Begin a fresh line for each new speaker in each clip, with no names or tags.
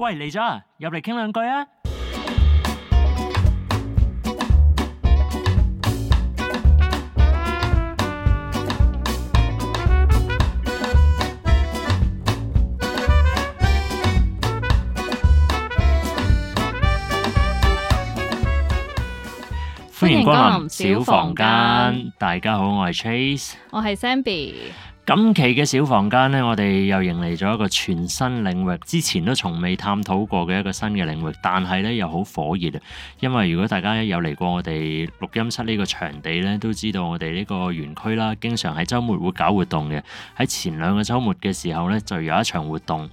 喂，嚟咗啊！入嚟傾兩句啊！歡迎光臨小房間，大家好，我係 Trace，
我係 Zenbi。
今期嘅小房間呢，我哋又迎嚟咗一個全新領域，之前都從未探討過嘅一個新嘅領域，但係呢又好火熱啊！因為如果大家有嚟過我哋錄音室呢個場地呢，都知道我哋呢個園區啦，經常喺周末會搞活動嘅。喺前兩個周末嘅時候呢，就有一場活動，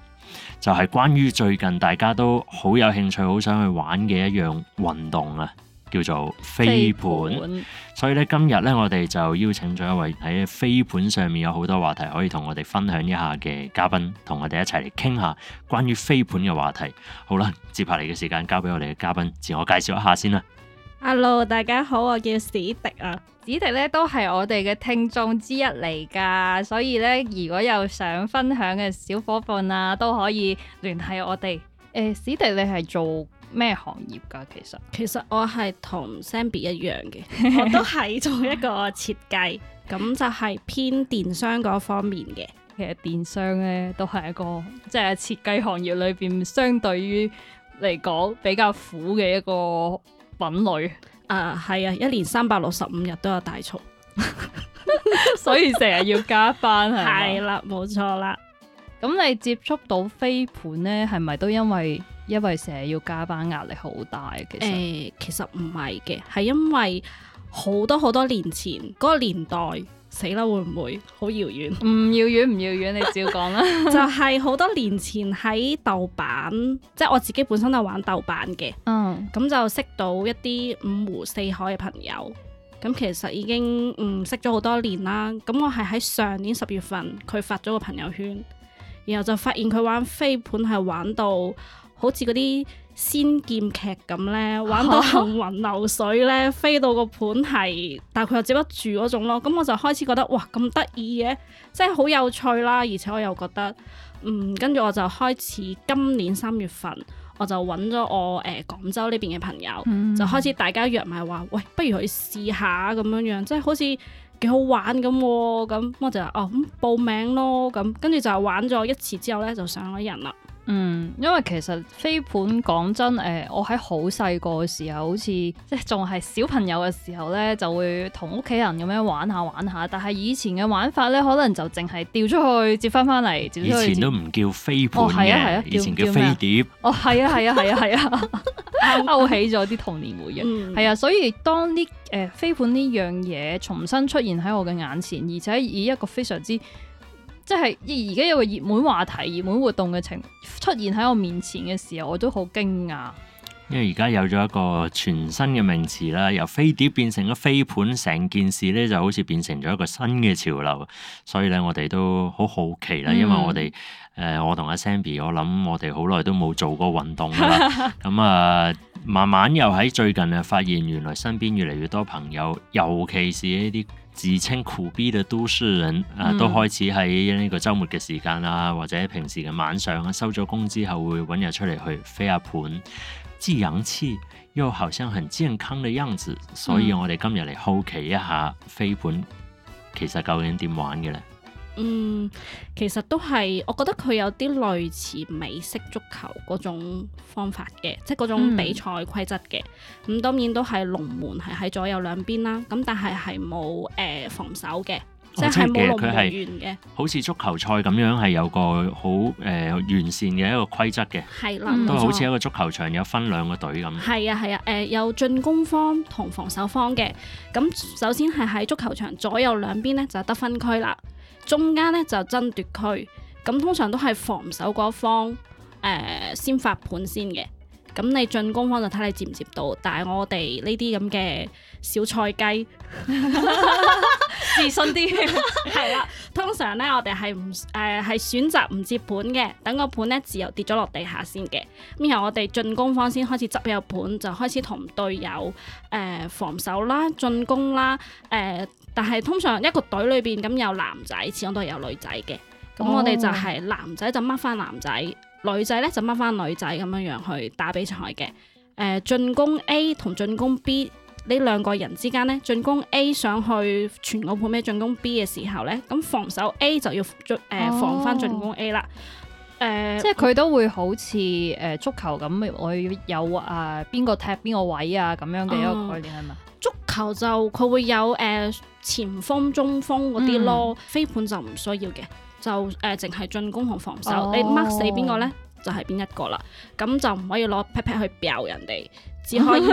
就係關於最近大家都好有興趣、好想去玩嘅一樣運動啊。叫做飛盤，飛盤，所以咧，今日咧，我哋就邀請咗一位喺飛盤上面有好多話題可以同我哋分享一下嘅嘉賓，同我哋一齊嚟傾下關於飛盤嘅話題。好啦，接下嚟嘅時間交俾我哋嘅嘉賓自我介紹一下先啦。
Hello，大家好，我叫史迪啊。史迪咧
都係我哋嘅聽眾之一嚟噶，所以咧，如果有想分享嘅小伙伴啊，都可以聯繫我哋。誒、欸，史迪你係做？咩
行業噶？其實其實我係同 Samy 一樣嘅，我都係做一個設計，咁 就係偏電商嗰方面嘅。其實電商咧
都係一個即係設計行業裏邊相對於嚟講比較
苦嘅一個品類。啊，係啊，一年三百六十五日都有大促， 所以成日要加班係。係 嗎啦，冇錯啦。
咁你接觸到飛盤咧，係咪都因為？因為成日要加班，壓力
好大。其實誒、欸，其實唔係嘅，係因為好多好多年前嗰、嗰個年代，死啦會唔會好遙遠？唔遙遠，唔遙遠，你照講啦。 就係好多年前喺豆瓣，即係我自己本身都玩豆瓣嘅。嗯，咁就識到一啲五湖四海嘅朋友。咁其實已經嗯識咗好多年啦。咁我係喺上年十月份，佢發咗個朋友圈，然後就發現佢玩飛盤係玩到，好似嗰啲仙劍劇咁呢，玩到行雲流水呢，飛到個盤係，但係佢又接得住嗰種咯。咁我就開始覺得，哇，咁得意嘅，真係好有趣啦。而且我又覺得，嗯，跟住我就開始今年三月份，我就揾咗我誒、呃、廣州呢邊嘅朋友，嗯、就開始大家約埋話，喂，不如去試下咁樣樣，即係好似幾好玩咁。咁我就話，哦，咁報名咯。咁跟住就玩咗一次之後呢，就上咗癮啦。
嗯，因為其實飛盤講真，誒，我喺好細個嘅時候，好似即係仲係小朋友嘅時候咧，就會同屋企人咁樣玩下玩下。但係以前嘅玩法咧，可能就淨係掉出去接翻翻嚟，掉出去。以前都
唔叫飛盤嘅，以前叫飛碟。
哦，係啊，係啊，係啊，係啊，勾起咗啲童年回憶。係啊，所以當呢誒飛盤呢樣嘢重新出現喺我嘅眼前，而且以一個非常之……即係而家有個熱門話題、熱門活動嘅情出現喺我面前嘅時候，我都好驚訝。
因為而家有咗一個全新嘅名詞啦，由飛碟變成咗飛盤，成件事呢就好似變成咗一個新嘅潮流，所以呢，我哋都好好奇啦。嗯、因為我哋誒、呃、我同阿 Zenbi，我諗我哋好耐都冇做過運動啦。咁啊、 嗯，慢慢又喺最近啊發現，原來身邊越嚟越多朋友，尤其是呢啲自稱苦逼的都市人，啊，都開始喺呢個周末嘅時間啊，或者平時嘅晚上啊，收咗工之後會揾人出嚟去飛下盤，既洋氣又好像很健康嘅樣子，所以我哋今日嚟好奇一下飛盤其實究竟點玩嘅呢？
嗯，其實都係，我覺得佢有啲類似美式足球嗰種方法嘅，即係嗰種比賽規則嘅。咁當然都係龍門係喺左右兩邊啦。咁但係係冇誒防守嘅，即係冇龍門員嘅。哦、
好似足球賽咁樣係有個好誒、呃、完善嘅一個規則嘅，
係啦的，嗯、都好似一
個足球場有分兩個隊
咁。係啊係啊，誒、啊呃、有進攻方同防守方嘅。咁首先係喺足球場左右兩邊咧就得分區啦。中間咧就爭奪區，咁通常都係防守嗰方誒、呃、先發盤先嘅，咁你進攻方就睇，你接唔接到。但係我哋呢啲咁嘅小菜雞， 自信啲係啦。通常咧我哋係唔誒係選擇唔接盤嘅，等個盤咧自由跌咗落地下先嘅。然後我哋進攻方先開始執入盤，就開始同隊友誒、呃、防守啦、進攻啦，誒、呃。但係通常一個隊裏邊咁有男仔，始終都係有女仔嘅。咁、哦、我哋就係男仔就掹翻男仔，女仔咧就掹翻女仔咁樣樣去打比賽嘅。誒、呃、進攻 A 同進攻 B 呢兩個人之間呢，進攻 A 上去全澳盤咩進攻 B 嘅時候呢，咁防守 A 就要進防翻進攻 A 啦。哦。誒，呃、即係佢都
會好似誒足球咁，會有
啊邊個踢邊個位啊咁樣嘅一個概念係咪？嗯、嗎足球就佢會有誒、呃、前鋒、中鋒嗰啲咯，嗯、飛盤就唔需要嘅，就誒淨係進攻同防守，哦、你 mark 死邊個咧就係、是、邊一個啦，咁就唔可以攞 pat pat 去鏢人哋。只可以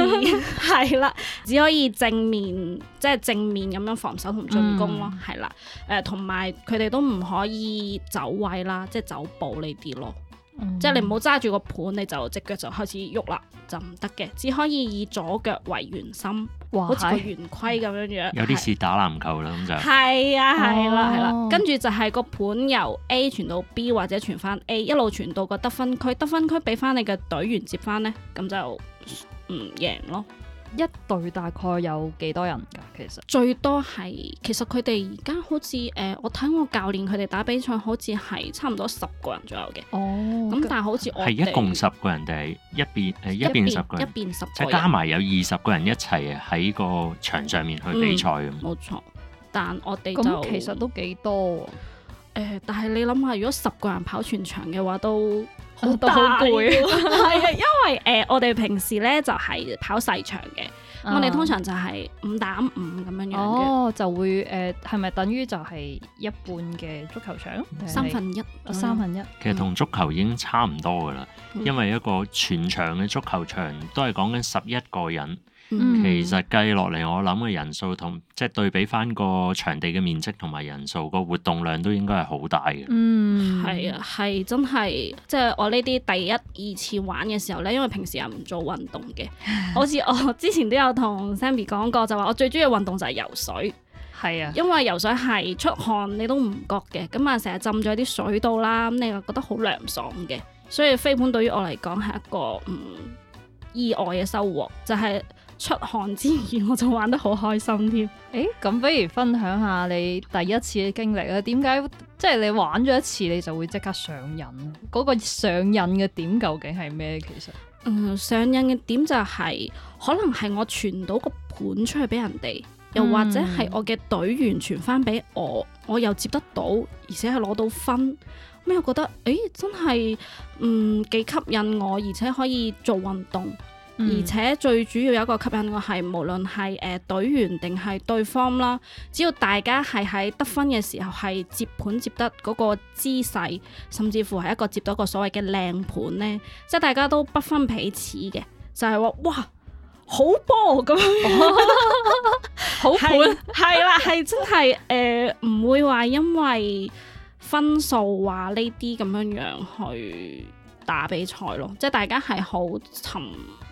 係啦， 只可以正面即係、就是、正面咁樣防守同進攻咯，係啦、嗯。誒同埋佢哋都唔可以走位啦，即係走步呢啲咯。嗯、即係你唔好揸住個盤，你就隻腳就開始喐啦，就唔得嘅。只可以以左腳為圓心，好似哇 個圓規咁樣樣。是有啲
似打籃球啦，咁就係啊，
係啦，係啦。跟住就係個盤由 A 傳到 B 或者傳翻 A，一路傳到個得分區，得分區俾翻你嘅隊員接翻呢，咁就。唔贏咯，一隊大概有幾多人㗎實？其實最多係，其實佢哋而家好似，誒，我睇我教練佢哋打比賽，好似係差唔多十個人左右嘅。哦，咁但係好似我係一共
十個人，定係一邊誒、呃、一邊十個人，一邊十個人，加埋有二十個人一齊喺個場上面去比賽咁。
冇錯、嗯嗯，但我哋就其實都幾多誒、呃，但係你諗下，如果十個人跑全場嘅話，都。好攰，係 因為誒、呃，我哋平時咧就係、是、跑細場嘅，嗯、我哋通常就係五打五咁樣樣嘅、哦，就
會誒，係、呃、咪等於就係一半嘅足球場？是三分一，三分一，
其實同足球已經差唔多噶啦，嗯、因為一個全場嘅足球場都係講緊十一個人。嗯、其實計落嚟，我諗嘅人數同即係對比翻個場地嘅面積同埋人數，個活動量都應該係好大嘅。
嗯，係啊，係真係即係我呢啲第一二次玩嘅時候呢，因為平時係唔做運動嘅， 好似我之前都有同 Sammy 講過，就話我最中意運動就係游水。係啊，因為游水係出汗你都唔覺嘅，咁啊成日浸咗啲水度啦，咁你又覺得好涼爽嘅，所以飛盤對於我嚟講係一個嗯意外嘅收穫，就係、是。出汗之餘，我就玩得好開心添。誒、欸，咁不如
分享下你第一次嘅經歷啊。點解即係你玩咗一次你就會即刻上癮？
嗰、那個上癮嘅點究竟係咩？其實，嗯，上癮嘅點就係、是、可能係我傳到個盤出去俾人哋，又或者係我嘅隊員傳翻俾我，嗯、我又接得到，而且係攞到分，咁又覺得誒、欸、真係嗯幾吸引我，而且可以做運動。而且最主要有一個吸引我係，無論係誒、呃、隊員定係對方啦，只要大家係喺得分嘅時候係接盤接得嗰個姿勢，甚至乎係一個接到一個所謂嘅靚盤呢，即係大家都不分彼此嘅，就係、是、話哇好波咁樣 好盤係啦，係真係誒唔會話因為分數話呢啲咁樣樣去打比賽咯，即係大家係好沉。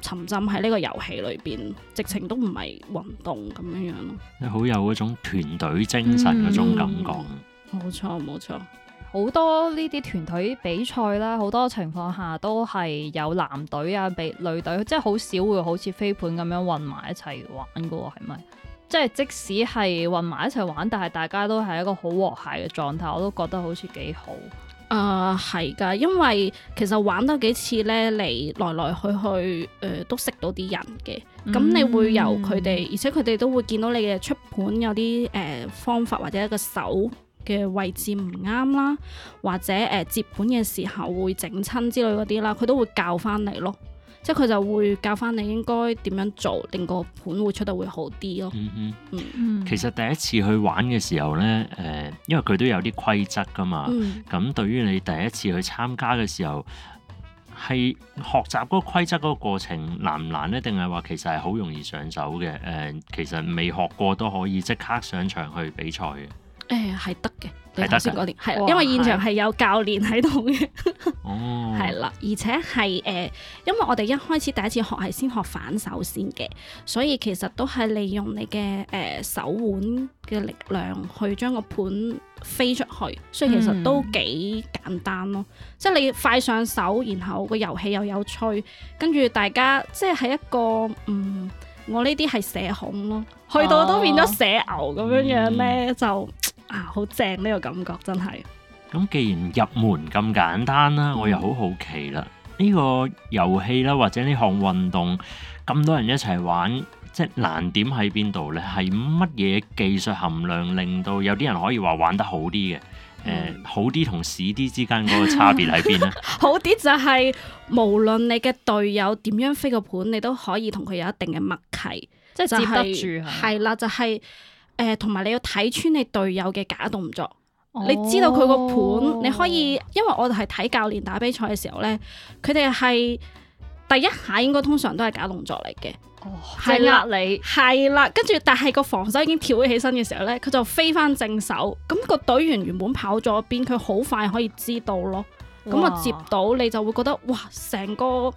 沉浸喺呢個遊戲裏邊，直情都唔係運動咁樣樣咯。
你好有嗰種團隊精神嗰種感覺，
冇錯冇錯。好多呢啲團隊
比賽啦，好多情況下都係有男隊啊比女隊，即係好少會好似飛盤咁樣混埋一齊玩噶喎，係咪？即係即使係混埋一齊玩，但係大家都係一個好和諧嘅狀態，我都覺得好似幾好。啊，
係噶，uh,，因為其實玩多幾次呢，你來來去去誒、呃、都識到啲人嘅。咁、嗯、你會由佢哋，而且佢哋都會見到你嘅出盤有啲誒、呃、方法或者個手嘅位置唔啱啦，或者誒、呃、接盤嘅時候會整親之類嗰啲啦，佢都會教翻你咯。即係佢就會教翻你應該點樣做，令個盤會出得會好啲咯。嗯嗯哼嗯。 其
實第一次去玩嘅時候呢，誒、呃，因為佢都有啲規則噶嘛。嗯。咁對於你第一次去參加嘅時候，係學習嗰個規則嗰個過程難唔難呢？定係話其實係好容易上手嘅？誒、呃，其實未學過都可以即刻上場去比賽嘅。誒係、欸、得嘅，先講
練，哇因為現場係有教練喺度嘅，
係啦是、
嗯，而且係誒、呃，因為我哋一開始第一次學係先學反手先嘅，所以其實都係利用你嘅誒、呃、手腕嘅力量去將個盤飛出去，所以其實都幾簡單咯。嗯、即係你快上手，然後個遊戲又有趣，跟住大家即係一個嗯，我呢啲係社恐咯，去到都變咗社牛咁樣樣咧、哦嗯、就。啊，好正呢、這個感覺真係。
咁、嗯、既然入門咁簡單啦，我又好好奇啦，呢、這個遊戲啦或者呢項運動咁多人一齊玩，即係難點喺邊度咧？係乜嘢技術含量令到有啲人可以話玩得好啲嘅、
呃？
好啲同屎啲之間嗰個差別喺邊呢？
好啲就係、是、無論你嘅隊友點樣飛個盤，你都可以同佢有一定嘅默契，即係、就是、接得住係啦是，就係、是。就是誒，同埋你要睇穿你隊友嘅假動作，哦、你知道佢個盤，你可以，因為我哋係睇教練打比賽嘅時候呢，佢哋係第一下應該通常都係假動作嚟嘅，係呀你，係啦、啊，跟住但係個防守已經跳起身嘅時候呢，佢就飛翻正手，咁、個隊員原本跑咗邊，佢好快可以知道咯，咁啊接到你就會覺得哇，成個。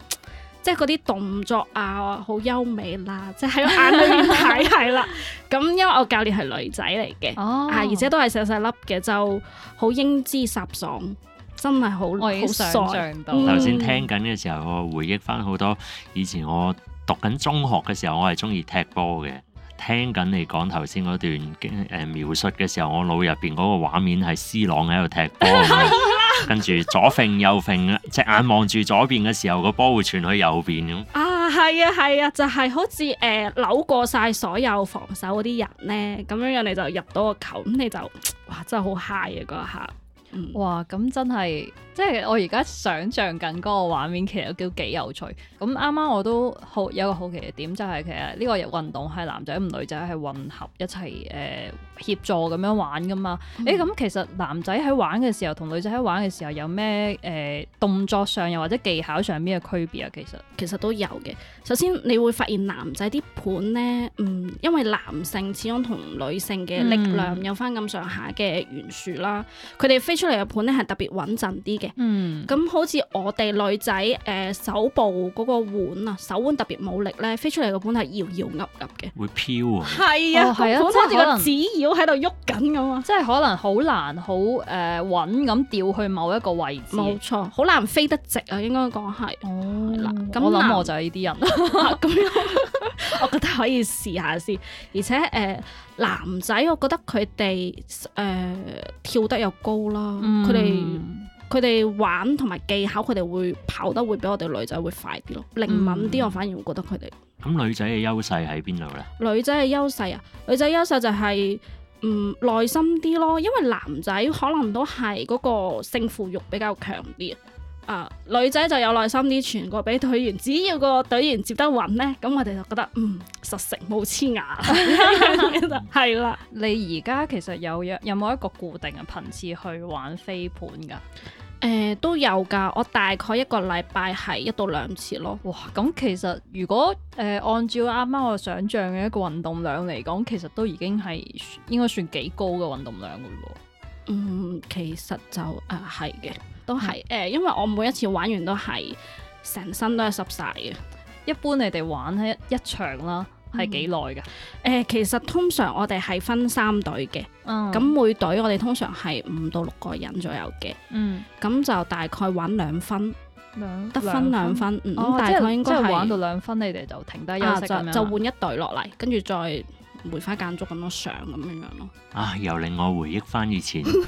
即係嗰啲動作啊，好優美啦！即係喺眼裏面睇係啦。咁 因為我教練係女仔嚟嘅，啊、哦，而且都係細細粒嘅，就好英姿颯爽，爽，真係好好想像到。頭先、嗯、聽
緊嘅時候，我回憶翻好多以前我讀緊中學嘅時候，我係中意踢波嘅。聽緊你講頭先嗰段誒描述嘅時候，我腦入邊嗰個畫面係 C 朗喺度踢波。 跟住左揈右揈，隻眼望住左邊嘅時候，個波會傳去右邊咁。
啊，係啊，係啊，就係、是、好似誒、呃、扭過晒所有防守嗰啲人咧，咁樣樣你就入到個球，咁你就哇真係好 high 啊嗰下！哇，咁真係
即係我而家想象緊嗰個畫面，其實都幾有趣。咁啱啱我都好有個好奇嘅點，就係、是、其實呢個運動係男仔同女仔係混合一齊誒。呃協助咁樣玩噶嘛？誒，咁其實男仔喺玩嘅時候，同女仔喺玩嘅時候有咩
誒、欸、動作上，又或者技巧上面嘅區別啊？其實其實都有嘅。首先你會發現男仔啲盤咧，嗯，因為男性始終同女性嘅力量有翻咁上下嘅懸殊啦。佢哋飛出嚟嘅盤咧係特別穩陣啲嘅。嗯。咁好似我哋女仔誒手部嗰個腕啊，手腕特別冇力咧，飛出嚟嘅盤係搖搖揼揼嘅，
會飄啊。係
ooh 啊，係啊對，噢要
喺度喐緊咁啊！即係可能好難好誒、呃、穩咁掉去某一個位置，冇錯，
好難飛得直啊！應該講係。哦，咁我諗我就係呢啲人咯。咁樣，我覺得可以試下先。而且誒、呃，男仔我覺得佢哋誒跳得又高啦，佢哋、嗯。佢哋玩同埋技巧，佢哋會跑得會比我哋女仔會快啲咯，靈、嗯、敏啲。我反而會覺得佢哋，
咁女仔嘅優勢喺邊度呢？
女仔嘅優勢啊，女仔優勢就係、是、嗯，耐心啲咯，因為男仔可能都係嗰個勝負欲比較強啲啊、呃。女仔就有耐心啲，傳個俾隊員，只要個隊員接得穩呢，咁我哋就覺得嗯，實食冇黐牙，係啦。你而
家其實有有冇一個固定嘅頻次去玩飛盤噶？
誒、呃，都有噶，我大概一個禮拜係一到兩次咯。哇，咁其實如果
誒、呃、按照啱啱我想象嘅一個運動量嚟講，其實都已經係應該算
幾高嘅運動量噶咯。嗯，其實就誒係嘅，都係誒、嗯呃，因為我每一次玩完都係成身都係濕晒嘅。一般你哋玩喺一,一場啦。係幾耐㗎？誒、嗯呃，其實通常我哋係分三隊嘅，咁、嗯、每隊我哋通常係五到六個人左右嘅，咁、嗯、就大概玩兩分，兩
得分兩分，咁、哦嗯、大概是應該係玩到兩分，你哋就
停低休息、啊、就，就換一隊落嚟，跟住、嗯、再。梅花間竹咁多相咁樣樣咯，
啊，又令我回憶返以前踢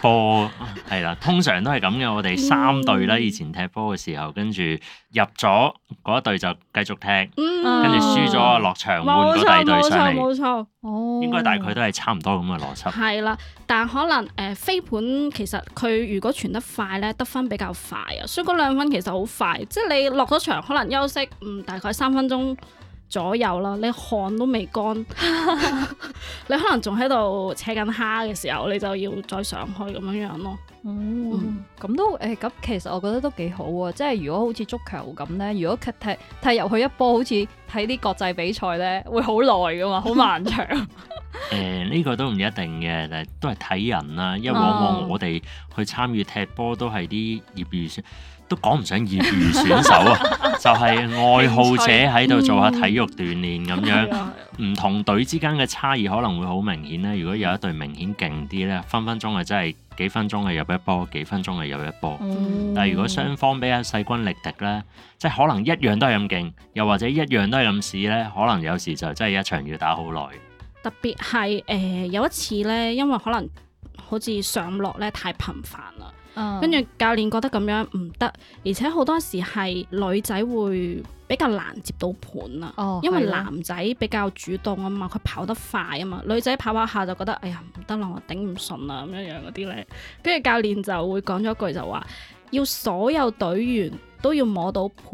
波，係啦， 通常都係咁嘅。我哋三隊啦，以前踢波嘅時候，嗯、跟住入咗嗰一隊就繼續踢，嗯、
跟住輸咗落場換個第二隊上嚟，冇錯冇錯，錯錯哦、應該大概都
係差唔多咁嘅邏輯。係
啦，但可能誒、呃、飛盤其實佢如果傳得快呢，得分比較快啊，所以嗰兩分其實好快，即係你落咗場可能休息，嗯大概三分鐘。左右啦，你汗都未乾， 你可能仲喺度扯緊蝦嘅時候，你就要再上去咁樣樣咯。
哦，咁都誒，咁、欸、其實我覺得都幾好啊。即係如果好似足球咁咧，如果踢踢踢入去一波，好似睇啲國際比賽咧，會好耐㗎嘛，好漫長。誒
呃，呢、這個都唔一定嘅，都係睇人啦。因為往往我哋去參與踢波都係啲業餘。嗯都講唔上業餘選手啊， 就係愛好者喺度做下體育鍛煉咁樣。唔、嗯、同隊之間嘅差異可能會好明顯咧。如果有一隊明顯勁啲咧，分分鐘係真係幾分鐘係入一波，幾分鐘係入一波。嗯、
但係如果雙
方比較勢均力敵咧，即係可能一樣都係咁勁，又或者一樣都係咁屎咧，可能有時就真係一場要打好耐。
特別係誒、呃、有一次咧，因為可能好似上落咧太頻繁。跟住、嗯、教練覺得咁樣唔得，而且好多時係女仔會比較難接到盤啊，哦、因為男仔比較主動啊嘛，佢跑得快啊嘛，女仔跑跑下就覺得哎呀唔得啦，我頂唔順啦咁樣樣嗰啲咧。跟住教練就會講咗一句就話，要所有隊員都要摸到盤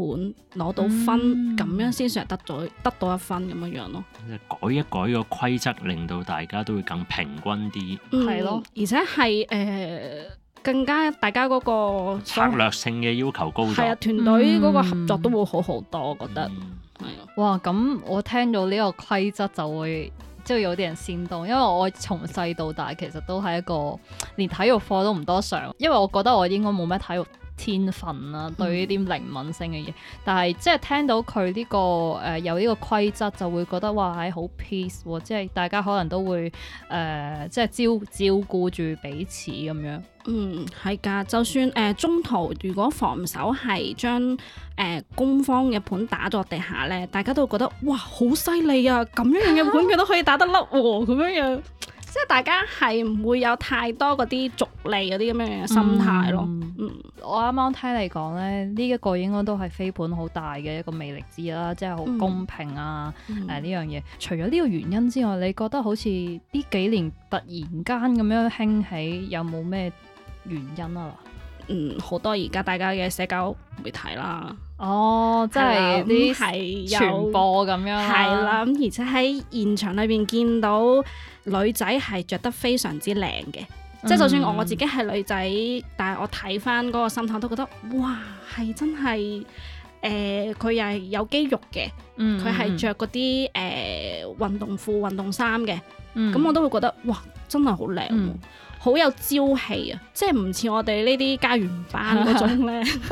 攞到分，嗯、咁樣先算係得咗得到一分咁樣樣咯。
改一改個規則，令到大家都會更平均啲，
係咯、嗯，而且係誒。呃更加大家嗰個策
略性嘅要求高咗，係啊，
團隊嗰個合作都會好好多，我覺得係
啊。嗯、哇！咁我聽到呢個規則就會即係有啲人煽動，因為我從細到大其實都係一個連體育課都唔多上，因為我覺得我應該冇咩體育。天分啦、啊，對呢啲靈敏性嘅嘢，嗯、但係即係聽到佢呢、這個誒、呃、有呢個規則，就會覺得哇，係、哎、好 peace 喎，即係大家可能都會誒、呃、
即係照照顧住彼此咁樣。嗯，係㗎，就算誒、呃、中途如果防守係將誒、呃、攻方嘅盤打落地下咧，大家都會覺得哇，好犀利啊！咁樣樣嘅盤佢都可以打得甩喎、哦，咁樣樣。即係大家係唔會有太多嗰啲逐利嗰啲咁嘅心態咯。嗯，嗯
我啱啱聽嚟講咧，呢、這、一個應該都係飛盤好大嘅一個魅力之一啦，即係好公平啊。誒呢樣嘢，除咗呢個原因之外，你覺得好似呢幾年突然間咁樣興起，有冇咩原因啊？嗯，
好多而家大家嘅社交媒體啦。哦，即係啲傳播咁樣，啊。係啦，咁而且喺現場裏邊見到女仔係着得非常之靚嘅，即係、嗯、就，就算我，我自己係女仔，但係我睇翻嗰個心態都覺得，哇，係真係誒，佢、呃、又係有肌肉嘅，佢係着嗰啲誒運動褲、運動衫嘅，咁、嗯、我都會覺得，哇，真係好靚，嗯、好有朝氣啊！即係唔似我哋呢啲家園班嗰種咧。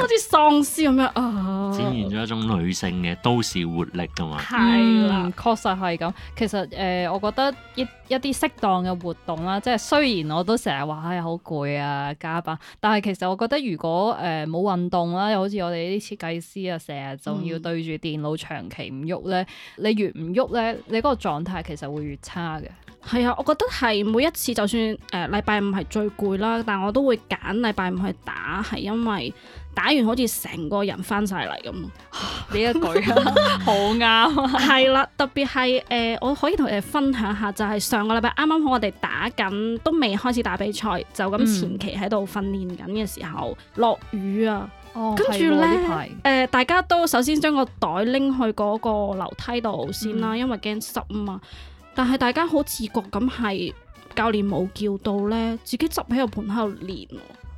好似喪屍咁樣啊！展
現咗一種女性嘅都市活力㗎嘛，係啦、
啊，嗯、確實係咁。其實誒、呃，我覺得一一啲適當嘅活動啦，即係雖然我都成日話唉好攰啊加班，但係其實我覺得如果誒冇、呃、運動啦，又好似我哋啲設計師啊，成日仲要對住電腦長期唔喐咧，你越唔喐咧，你嗰個狀態其實會越
差嘅。係啊，我覺得係每一次就算誒禮拜五係最攰啦，但我都會揀禮拜五去打，係因為。打完好似成個人翻晒嚟咁，呢一句好啱。係啦，特別係誒、呃，我可以同你分享下，就係、是、上個禮拜啱啱好我哋打緊，都未開始打比賽，就咁前期喺度訓練緊嘅時候落雨啊。哦、
跟住呢
誒、呃，大家都首先將個袋拎去嗰個樓梯度先啦，嗯、因為驚濕啊嘛。但係大家好自覺咁係，教練冇叫到呢，自己執喺個盤喺度練。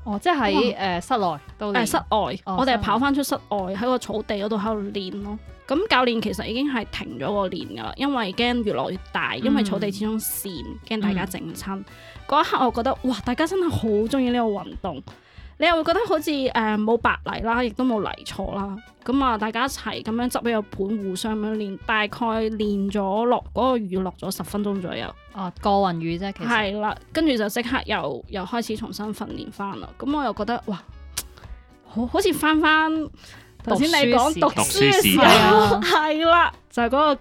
哦，即係誒室內到誒室外，哦、我哋跑翻出室外喺個、哦、草地嗰度喺度練咯。咁教練其實已經係停咗個練噶啦，因為驚越來越大，因為草地始終跣，驚大家整親。嗰、嗯、一刻我覺得哇，大家真係好中意呢個運動。你又會覺得好似誒冇白嚟啦，亦都冇嚟錯啦，咁、嗯、啊大家一齊咁樣執一個盤互相咁樣練，大概練咗落嗰個雨落咗十分鐘左右，啊過雲雨啫，其實係啦，跟住就即刻又又開始重新訓練翻啦，咁我又覺得哇，好好似翻翻頭先你講讀書嘅時候，係啦實，就係、是、嗰、那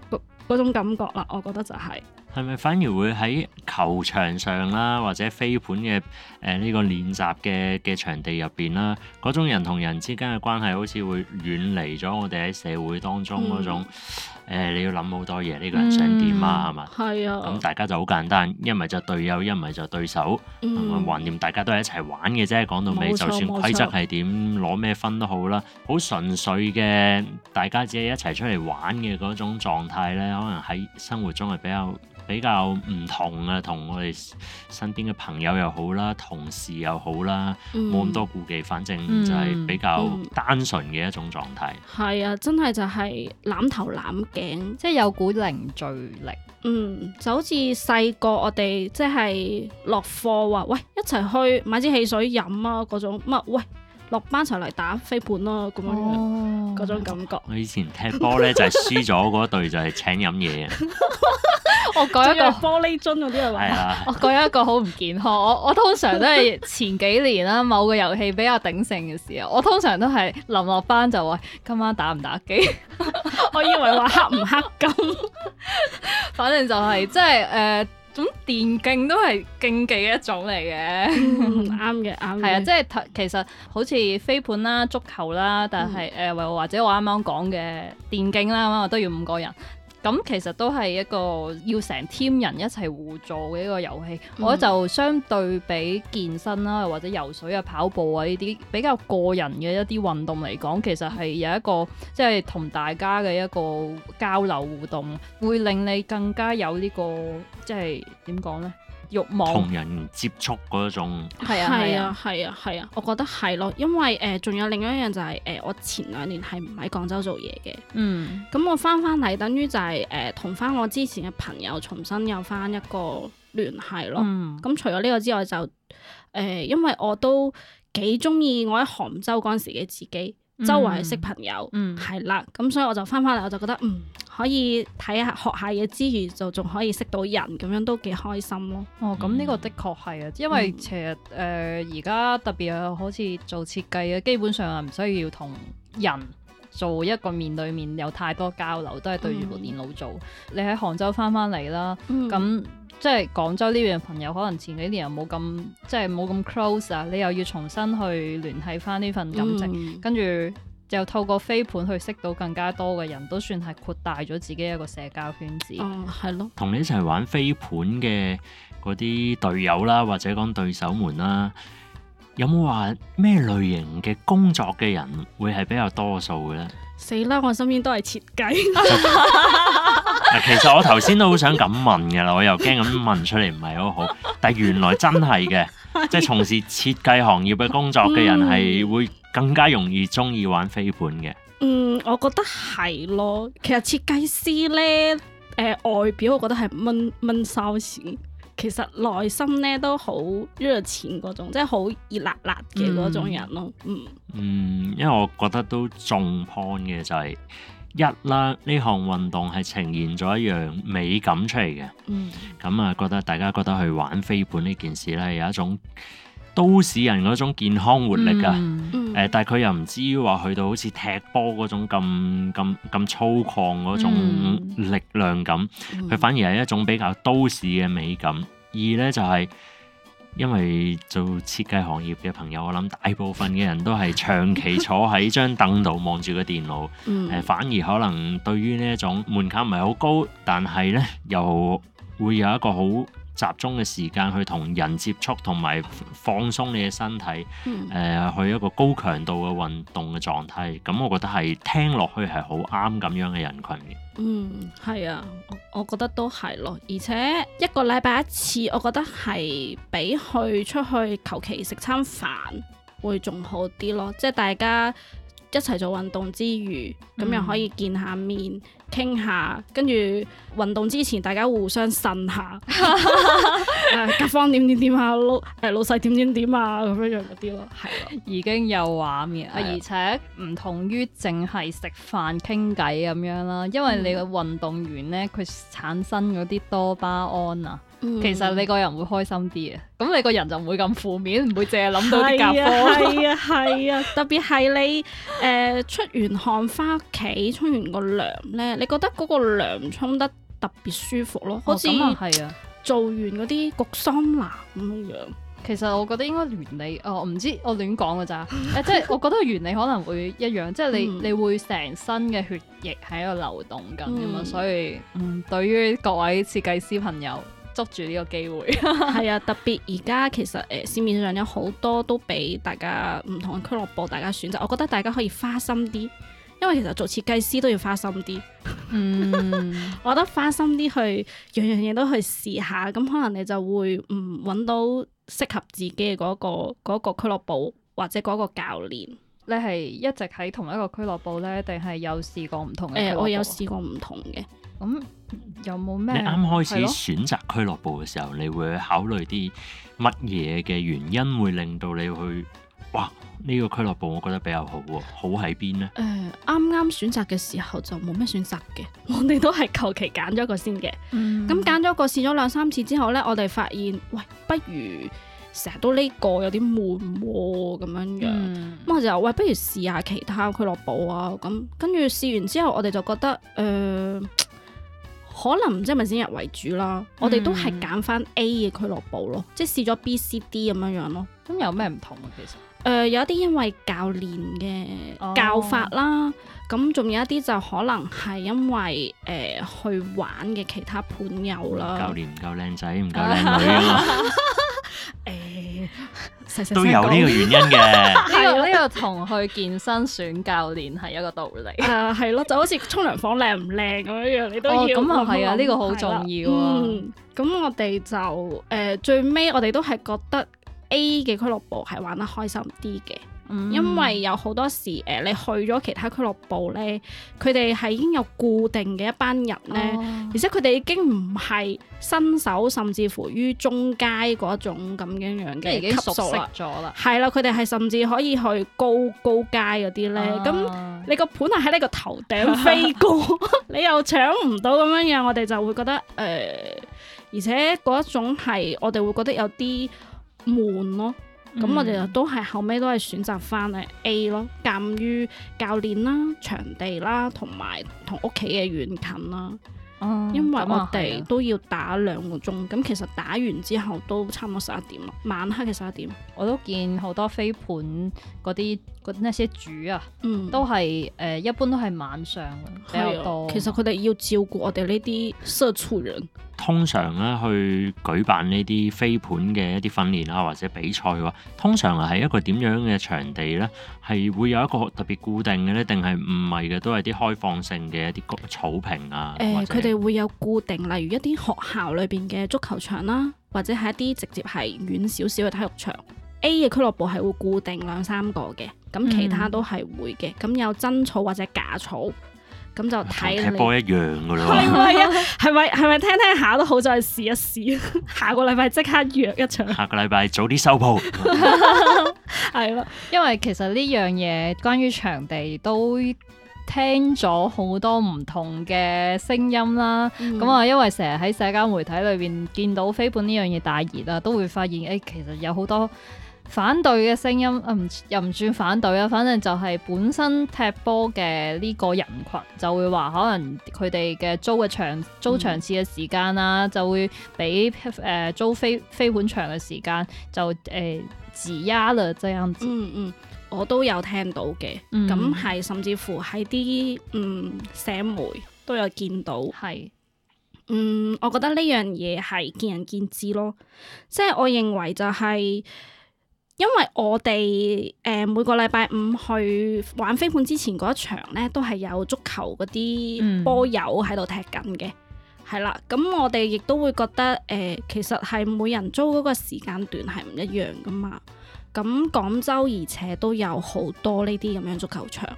個嗰種感覺啦，我覺得就係、是。係
咪反而會喺球場上啦，或者飛盤嘅誒呢個練習嘅嘅場地入邊啦，嗰種人同人之間嘅關係好似會遠離咗我哋喺社會當中嗰種。嗯誒，你要諗好多嘢，呢個人想點啊？係嘛？係啊。咁大家就好簡單，一唔係就隊友，一唔係就對手，
係咪？懷念
大家都係一齊玩嘅啫。講到尾，就算規則係點，攞咩分都好啦。好純粹嘅，大家只係一齊出嚟玩嘅嗰種狀態咧，可能喺生活中係比較比較唔同嘅，同我哋身邊嘅朋友又好啦，同事又好啦，冇咁多顧忌，反正就係比較單純嘅一種狀態。
係啊，真係就係攬頭攬。即係有股凝聚力，嗯，就好似細個我哋即係落課話，喂，一齊去買支汽水飲啊，嗰種乜喂，落班一齊嚟打飛盤咯、啊，咁樣嗰種感覺。我
以前踢波咧就係輸咗嗰隊就係請飲嘢。
我講一個
玻璃樽嗰啲啊，哎、呀我講一個好唔健康。 我我通常都係前幾年啦，某個遊戲比較鼎盛嘅時候，我通常都係臨落班就話今晚打唔打機？
我以為話黑唔黑咁 ，
反正就係即係誒，咁、就是呃、電競都係競技嘅一種嚟嘅，啱嘅啱。係、嗯、啊，即係其實好似飛盤啦、足球啦，但係誒、嗯、或者我啱啱講嘅電競啦，咁啊都要五個人。咁其實都係一個要成 team 人一齊互助嘅一個遊戲，嗯、我就相對比健身啦，或者游水啊、跑步啊呢啲比較個人嘅一啲運動嚟講，其實係有一個即係同大家嘅一個交流互動，會令你更加有呢個
即係點講呢？欲望同
人接觸嗰種，
係啊，係啊，係啊，係啊，我覺得係咯，因為誒仲、呃、有另一樣就係、是、誒、呃、我前兩年係唔喺廣州做嘢嘅，嗯，咁我翻翻嚟，等於就係誒同翻我之前嘅朋友重新有翻一個聯繫咯，咁、嗯、除咗呢個之外就，就、呃、誒因為我都幾中意我喺杭州嗰陣時嘅自己。周圍識朋友，係啦、嗯，咁所以我就翻返嚟，我就覺得嗯，可以睇下學下嘢之餘，就仲可以識到人，咁樣都幾開心咯。哦，咁呢個的確係啊，嗯、因為其實誒而家
特別好似做設計啊，基本上係唔需要同人做一個面對面有太多交流，都係對住部電腦做。嗯、你喺杭州翻翻嚟啦，咁、嗯、即係廣州呢邊嘅朋友可能前幾年又冇咁即係冇咁 close 啊，你又要重新去聯繫翻呢份感情，跟住、嗯、又透過飛盤去識到更加多嘅人，都算係擴大咗自己一個社交圈子。哦、嗯，係咯。
同你一齊玩飛盤嘅嗰啲隊友啦，或者講對手們啦。有冇話咩類型嘅工作嘅人會係比較多數嘅咧？
死啦！我身邊都係設計。
其實我頭先都好想咁問噶啦，我又驚咁問出嚟唔係好好，但係原來真係嘅，即係從事設計行業嘅工作嘅人係會更加容易中意玩飛盤嘅。
嗯，我覺得係咯。其實設計師呢，誒、呃，外表我覺得係掹掹收線。蚊蚊蚊其實內心咧都好熱情嗰種，即係好熱辣辣嘅嗰種人咯。嗯，嗯，嗯
嗯，因為我覺得都重點嘅就係、是、一啦，呢項運動係呈現咗一樣美感出嚟嘅。嗯，咁啊，覺得大家覺得去玩飛盤呢件事咧有一種都市人嗰種健康活力啊，誒、嗯嗯呃，但係佢又唔至於話去到好似踢波嗰種咁咁咁粗獷嗰種力量感，佢、嗯嗯、反而係一種比較都市嘅美感。二咧就係、是、因為做設計行業嘅朋友，我諗大部分嘅人都係長期坐喺張凳度望住個電腦，誒、嗯呃，反而可能對於呢一種門檻唔係好高，但係咧又會有一個好。集中嘅時間去同人接觸，同埋放鬆你嘅身體，誒、嗯呃、去一個高強度嘅運動嘅狀態，咁我覺得係聽落去係好啱咁樣嘅人群。嗯，
係啊，我我覺得都係咯，而且一個禮拜一次，我覺得係比去出去求其食餐飯會仲好啲咯，即係大家。一齊做運動之餘，咁又可以見下面傾、嗯、下，跟住運動之前大家互相呻下，甲 方點點點啊，係老細點點點啊，咁樣樣嗰
啲咯，係咯，已經有畫面。了而且唔同於淨係食飯傾偈咁樣啦，因為你個運動完咧，佢產生嗰啲多巴胺啊。其實你個人會開心啲嘅，咁你個人就唔會咁負面，唔會淨係諗到啲甲方。係啊
係啊，啊啊 特別係你誒、呃、出完汗翻屋企，沖完個涼咧，你覺得嗰個涼沖得特別舒服咯，好似咁啊係啊。做完嗰啲焗桑拿咁樣，哦、樣其實我覺得應該原理，哦，我唔
知我亂講噶咋，誒，即係我覺得原理可能會一樣，即、就、係、是、你、嗯、你會成身嘅血液喺度流動緊咁嘛。嗯、所以嗯，對於各位設計師朋友。捉住呢個機會，係
啊！特別而家其實誒、呃、市面上有好多都俾大家唔同嘅俱樂部大家選擇，我覺得大家可以花心啲，因為其實做設計師都要花心啲。嗯、 我覺得花心啲去樣樣嘢都去試下，咁可能你就會唔揾到適合自己嘅嗰、嗰個嗰個俱樂部，或者嗰個教練。
你係一直喺同一個俱樂部呢？定係有試
過唔同嘅、呃？我有試過唔同嘅。咁、嗯、有冇咩？你啱啱開始選
擇俱樂部嘅時候，咯你會考慮啲乜嘢嘅原因會令到你去哇！呢、這個俱樂部我覺得比較好喎，好喺邊呢？誒、
呃，啱啱選擇嘅時候就冇咩選擇嘅，我哋都係求其揀咗一個先嘅。咁揀咗個試咗兩三次之後呢，我哋發現，喂，不如成日都呢個有啲悶咁樣樣。咁啊、嗯、就，喂，不如試下其他俱樂部啊。咁跟住試完之後，我哋就覺得，誒、呃。可能唔知係咪先入為主啦，嗯、我哋都係揀翻 A 嘅俱樂部咯，即係試咗 B、C、D 咁樣樣咯。咁有咩唔同啊？其實誒有一啲因為教練嘅教法啦，咁仲、哦、有一啲就可能係因為誒、呃、去玩嘅其他盤友啦。教練
唔夠靚仔，唔夠靚女。 欸、誒，誒都有呢個原因嘅，
呢 呢、 這個同去、這個、健身選教練係一個道理 啊，係咯，
就好似沖涼房靚唔靚咁樣樣，你都要哦，咁啊係啊，呢個好重要。嗯，咁、嗯、我哋就誒、呃、最尾我哋都係覺得 A 嘅俱樂部係玩得開心啲嘅。因為有好多時，誒，你去咗其他俱樂部咧，佢哋係已經有固定嘅一班人咧，哦、而且佢哋已經唔係新手，甚至乎於中階嗰種咁樣樣嘅，已經熟悉咗啦。係啦，佢哋係甚至可以去高高階嗰啲咧。咁、哦、你個盤係喺你個頭頂飛過， 你又搶唔到咁樣樣，我哋就會覺得誒、呃，而且嗰一種係我哋會覺得有啲悶咯。咁、嗯、我哋都係後尾都係選擇翻嚟 A 咯，鑑於教練啦、場地啦，同埋同屋企嘅遠近啦。嗯、因為我哋都要打兩個鐘，咁、嗯啊、其實打完之後都差唔多十一點啦，晚黑嘅十一點，我都見好多飛
盤嗰啲嗰啲一些主啊，都係誒、呃、一般都係晚上
比較多。嗯啊、其實佢哋要照顧我哋呢啲社畜人。
通常咧去舉辦呢啲飛盤嘅一啲訓練啊，或者比賽嘅、啊、話，通常係一個點樣嘅場地呢？係會有一個特別固定嘅呢？定係唔係嘅都係啲開放性嘅一啲草坪啊？誒、欸，
佢哋者會有固定，例如一啲學校裏邊嘅足球場啦、啊，或者係一啲直接係遠少少嘅體育場。A 嘅俱樂部係會固定兩三個嘅，咁其他都係會嘅。咁、嗯、有真草或者假草。咁就睇波一
樣嘅咯，係咪啊？
係咪係咪？聽聽下都好，再試一試。 下個禮拜即刻約一場。
下個禮拜早啲收鋪，
係 咯。 因為其實呢樣嘢，關於場地都聽咗好多唔同嘅聲音啦。咁啊、嗯，因為成日喺社交媒體裏邊見到飛盤呢樣嘢大熱啊，都會發現誒、欸，其實有好多。反對嘅聲音，嗯，又唔算反對啊。反正就係本身踢波嘅呢個人群就會話，可能佢哋嘅租嘅場租場次嘅時間啦，就會俾誒租，租、嗯、租飛飛盤場嘅時間就誒、呃、自壓啦。咁樣
嗯嗯，我都有聽到嘅，咁係、嗯、甚至乎喺啲嗯社媒都有見到，係是嗯，我覺得呢樣嘢係見仁見智咯，即係我認為就係、是。因為我哋誒、呃、每個禮拜五去玩飛盤之前嗰一場呢，都係有足球嗰啲波友喺度踢緊嘅，係啦、嗯。咁我哋亦都會覺得誒、呃，其實係每人租嗰個時間段係唔一樣噶嘛。咁、嗯、廣州而且都有好多呢啲咁樣足球場，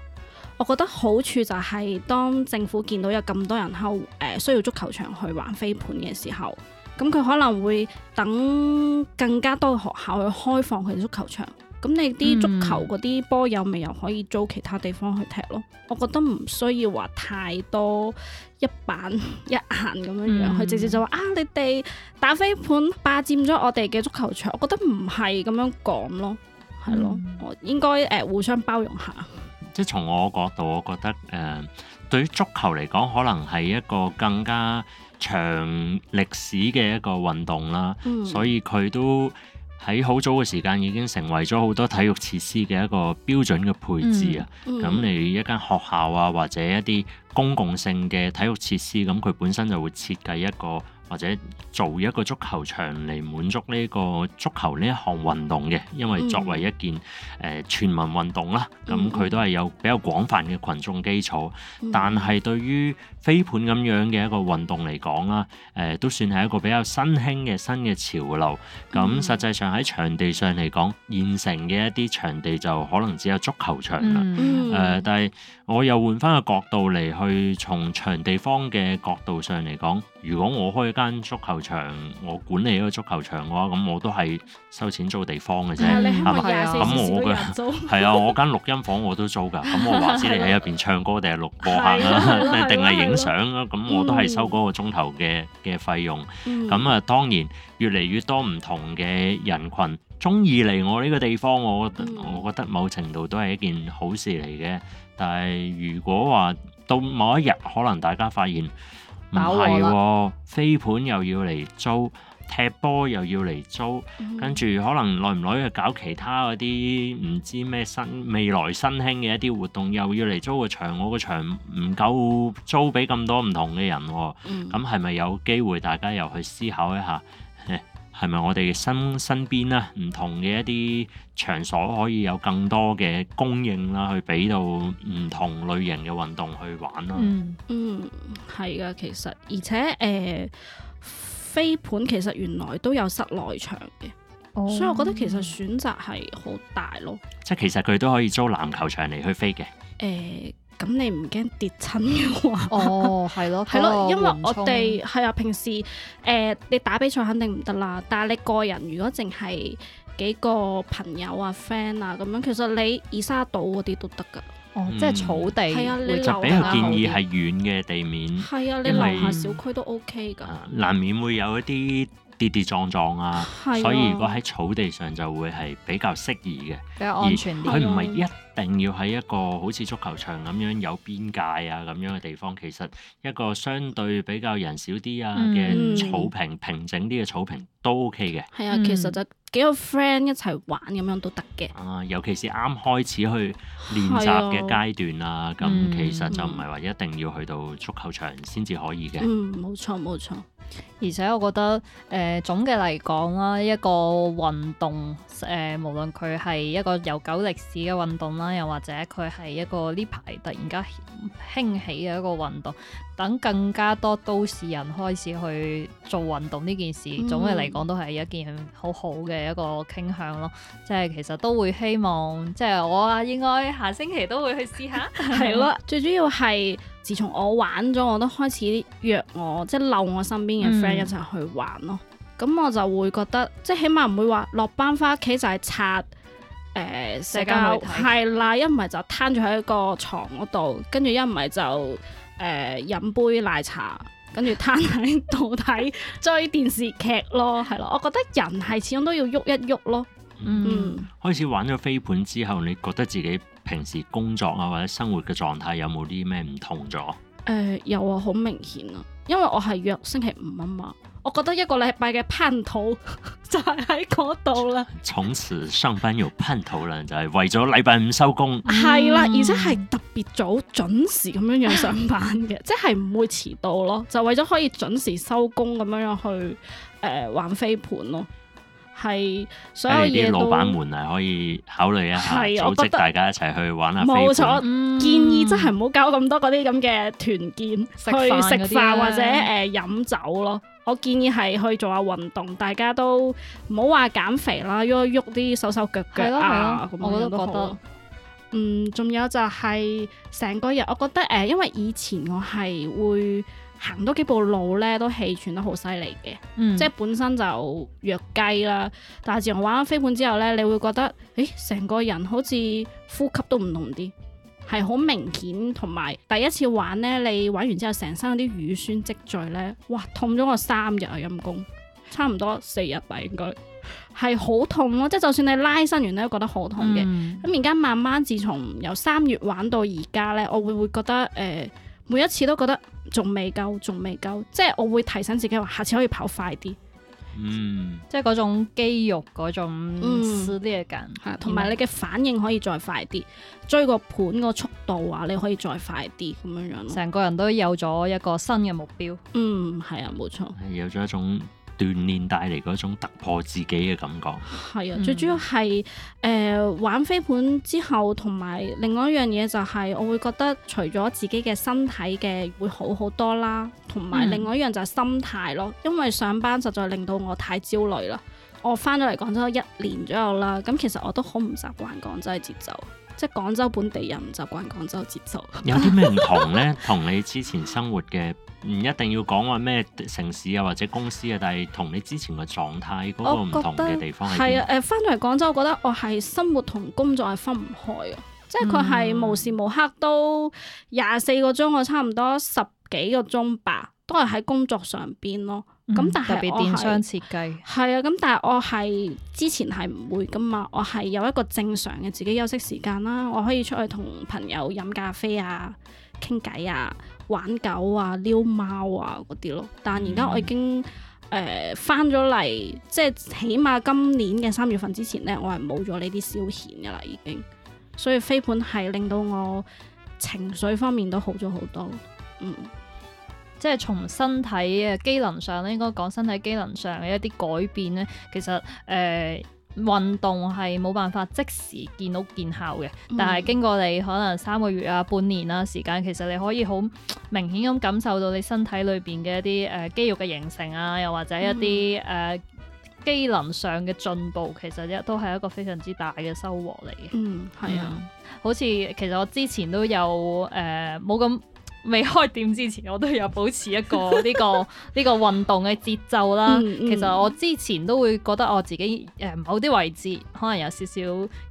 我覺得好處就係當政府見到有咁多人喺誒、呃、需要足球場去玩飛盤嘅時候。咁佢可能會等更加多嘅學校去開放佢哋足球場，咁、嗯、你啲足球嗰啲波友咪又可以租其他地方去踢咯？我覺得唔需要話太多一板一眼咁樣樣，佢、嗯、直接就話啊，你哋打飛盤霸佔咗我哋嘅足球場，我覺得唔係咁樣講咯，係咯，嗯、我應該誒、呃、互相包容下。
即係從我角度，我覺得誒、呃、對於足球嚟講，可能係一個更加長歷史嘅一個運動啦，嗯、所以佢都喺好早嘅時間已經成為咗好多體育設施嘅一個標準嘅配置啊。咁、嗯嗯、你一間學校啊，或者一啲公共性嘅體育設施，咁佢本身就會設計一個。或者做一個足球場嚟滿足呢個足球呢一項運動嘅，因為作為一件誒、嗯呃、全民運動啦，咁、嗯、佢、嗯、都係有比較廣泛嘅群眾基礎。
但係
對於飛盤咁樣嘅一個運動嚟講啦，誒、呃、都算係一個比較新興嘅新嘅潮流。咁實際上喺場地上嚟講，現成嘅一啲場地就可能只有足球場啦，誒、嗯嗯呃，但係。我又換翻個角度嚟去，從場地方嘅角度上嚟講，如果我開間足球場，我管理一個足球場嘅話，咁我都係收錢租地方嘅啫，係咪、嗯？咁我嘅係 啊，我間錄音房我都租㗎。咁我話知你喺入邊唱歌定係錄播客啊，定係影相啊？咁我都係收嗰個鐘頭嘅嘅費用。咁啊，當然越嚟越多唔同嘅人群鍾意嚟我呢個地方，我我覺得某程度都係一件好事嚟嘅。但係，如果話到某一日，可能大家發現唔係，飛盤又要嚟租，踢波又要嚟租，嗯、哼跟住可能耐唔耐去搞其他嗰啲唔知咩新未來新興嘅一啲活動，又要嚟租個場，我個場唔夠租俾咁多唔同嘅人、哦，咁係咪有機會大家又去思考一下？係咪我哋身身邊啦？唔同嘅一啲場所可以有更多嘅供應啦，去俾到唔同類型嘅運動去玩啦。嗯，
係噶，其實而且誒、呃，飛盤其實原來都有室內場嘅，哦、所以我覺得其實選擇係好大咯。
即係其實佢都可以租籃球場嚟去飛嘅。誒、
呃。咁你唔驚跌親嘅話？ 哦，係咯，係、咯、咯、個， 因為我哋係啊，平時誒、呃，你打比賽肯定唔得啦。但係你個人如果淨係幾個朋友啊、friend 啊咁樣，其實你二沙島嗰啲都得噶。哦，即係草地、嗯。係啊的，你特別建議係
軟嘅地面。係啊，你樓下小
區都 OK 噶。
難免會有一啲。跌跌撞撞啊，啊所以如果喺草地上就會係比較適宜嘅，比較安全啲，而佢唔係一定要喺一個好似足球場咁樣有邊界啊咁樣嘅地方，其實一個相對比較人少啲啊嘅草坪、嗯、平整啲嘅草坪都 OK 嘅。係啊，其實
就幾個 friend 一齊玩咁樣都得嘅。啊、嗯，
尤其是啱開始去練習嘅階段啊，咁其實就唔係話一定要去到足球場先至可以嘅。嗯，
冇錯，冇錯。而且我覺得，
誒、呃、總嘅嚟講啦，一個運動，誒、呃、無論佢係一個悠久歷史嘅運動啦，又或者佢係一個呢排突然間興起嘅一個運動。等更加多都市人開始去做運動呢件事，嗯、總嘅嚟講都係一件好好嘅一個傾向咯。即係其實都會希望，
即係我應該下星期都會去試下。係咯 的， 最主要係自從我玩咗，我都開始約我即係漏我身邊嘅 friend 一齊去玩咯。咁、嗯、我就會覺得，即係起碼唔會話落班翻屋企就係刷誒社交，係、呃、啦，一唔係就攤住喺個牀嗰度，跟住一唔係就。誒飲、呃、杯奶茶，跟住攤喺度睇追電視劇咯，係咯，我覺得人係始終都要喐一喐咯。嗯，嗯，
開始玩咗飛盤之後，你覺得自己平時工作啊或者生活嘅狀態有冇啲咩唔同咗？
誒、呃、有啊，好明顯啊，因為我係約星期五啊嘛。我覺得一個禮拜嘅盼頭就係喺嗰度啦。
從此上班有盼頭啦，就係為咗禮拜五收工。係
啦，嗯，嗯，而且係特別早準時咁樣樣上班嘅， 即係唔會遲到咯。就為咗可以準時收工咁樣樣去誒、呃、玩飛盤咯。係所有嘢老闆們係
可以考慮一下，組織大家一齊去玩下飛盤。冇錯，我
建議真係唔好搞咁多嗰啲咁嘅團建，嗯、去食飯或者誒、呃、飲酒咯。我建議係去做下運動，大家都唔好話減肥啦，喐喐啲手手腳腳的啊，咁的我都覺得。嗯，仲有就係成個日，我覺得誒、呃，因為以前我係會，行多幾步路咧，都氣喘得好犀利嘅，嗯、即係本身就弱雞啦。但係自從玩咗飛盤之後咧，你會覺得，誒，成個人好似呼吸都唔同啲，係好明顯。同埋第一次玩咧，你玩完之後，成身嗰啲乳酸積聚咧，哇，痛咗我三日啊陰功，差唔多四日吧應該，係 好痛咯。即係就算你拉伸完咧，都覺得好痛嘅。咁而家慢慢，自從由三月玩到而家咧，我會會覺得誒，呃每一次都覺得仲未夠，仲未夠，即係我會提醒自己話，下次可以跑快啲。嗯，即係嗰種肌肉嗰種撕裂緊，係同埋你嘅反應可以再快啲，嗯、追個盤個速度啊，你可以再快啲咁樣樣。成個人都有咗一個新嘅目標。嗯，係啊，冇錯。
係有咗一種鍛鍊帶嚟嗰種突破自己嘅感覺，
係啊，最主要係誒、呃、玩飛盤之後，同埋另外一樣嘢就係、是、我會覺得除咗自己嘅身體嘅會好好多啦，同埋另外一樣就係心態咯。因為上班實在令到我太焦慮啦。我返咗嚟廣州一年左右啦，咁其實我都好唔習慣廣州嘅節奏。.即係廣州本地人就習慣廣州節奏。 有啲
咩唔同呢？同你之前生活嘅，唔一定要講話咩城市啊或者公司啊，但係同你之前嘅狀態嗰、嗰個唔同嘅地方係，係
啊，誒翻到嚟廣州，我覺得我係生活同工作係分唔開嘅，即係佢係無時無刻都廿四個鐘，我差唔多十幾個鐘吧，都係喺工作上邊咯。咁但係電商設計，係啊，咁但係我係之前係唔會噶嘛，我係有一個正常嘅自己休息時間啦，我可以出去同朋友飲咖啡啊、傾偈啊、玩狗啊、撩貓啊嗰啲咯。但而家我已經誒翻咗嚟，即係起碼今年嘅三月份之前呢，我係冇咗呢啲消遣噶啦，已經。所以飛盤係令到我情緒方面都好咗好多，嗯。
即係從身體嘅機能上咧，應該講身體機能上嘅一啲改變咧，其實誒呃、運動係冇辦法即時見到見效嘅，但係經過你可能三個月啊、半年啊時間，其實你可以好明顯咁感受到你身體裏邊嘅一啲誒、呃、肌肉嘅形成啊，又或者一啲誒、嗯呃、機能上嘅進步，其實都係一個非常之大嘅收穫嚟嘅。嗯，係啊，嗯、好似其實我之前都有誒冇咁。呃未開店之前，我都有保持一個呢、這個呢 個運動嘅節奏啦。嗯嗯、其實我之前都會覺得我自己誒、呃、某啲位置可能有少少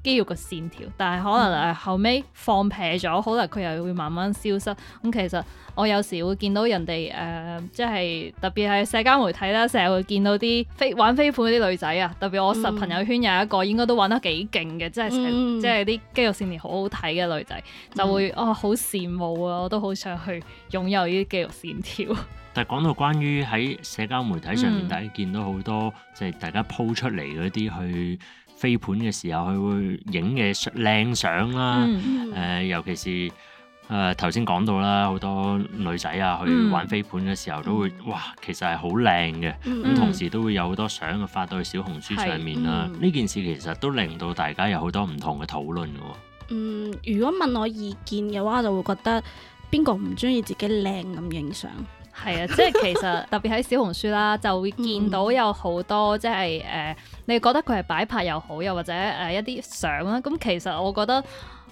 肌肉嘅線條，但係可能誒、嗯、後尾放撇咗，可能佢又會慢慢消失。咁、嗯嗯、其實我有時會見到人哋誒，即、呃、係、就是、特別係社交媒體啦，成日會見到啲飛玩飛盤嗰啲女仔啊。特別我實朋友圈有一個，嗯、應該都玩得幾勁嘅，即係、嗯、即係啲肌肉線條好好睇嘅女仔，就會、嗯、啊好羨慕啊，我都好想。去擁有呢啲肌肉線條，
但係講到關於喺社交媒體上面，嗯、大家見到好多即係大家鋪出嚟嗰啲去飛盤嘅時候，佢會影嘅靚相啦。誒、嗯呃，尤其是誒頭先講到啦，好多女仔啊，去玩飛盤嘅時候都會、嗯、哇，其實係好靚嘅咁，嗯嗯、同時都會有好多相發到去小紅書上面啦。呢、嗯、件事其實都令到大家有好多唔同嘅討論嘅、啊。嗯，
如果問我意見嘅話，我就會覺得。邊個唔中意自己靚咁影相？係啊， 即係其實特別喺小紅書啦，就會見到有
好多、嗯、即係誒、呃，你覺得佢係擺拍又好，又或者誒、呃、一啲相啦。咁其實我覺得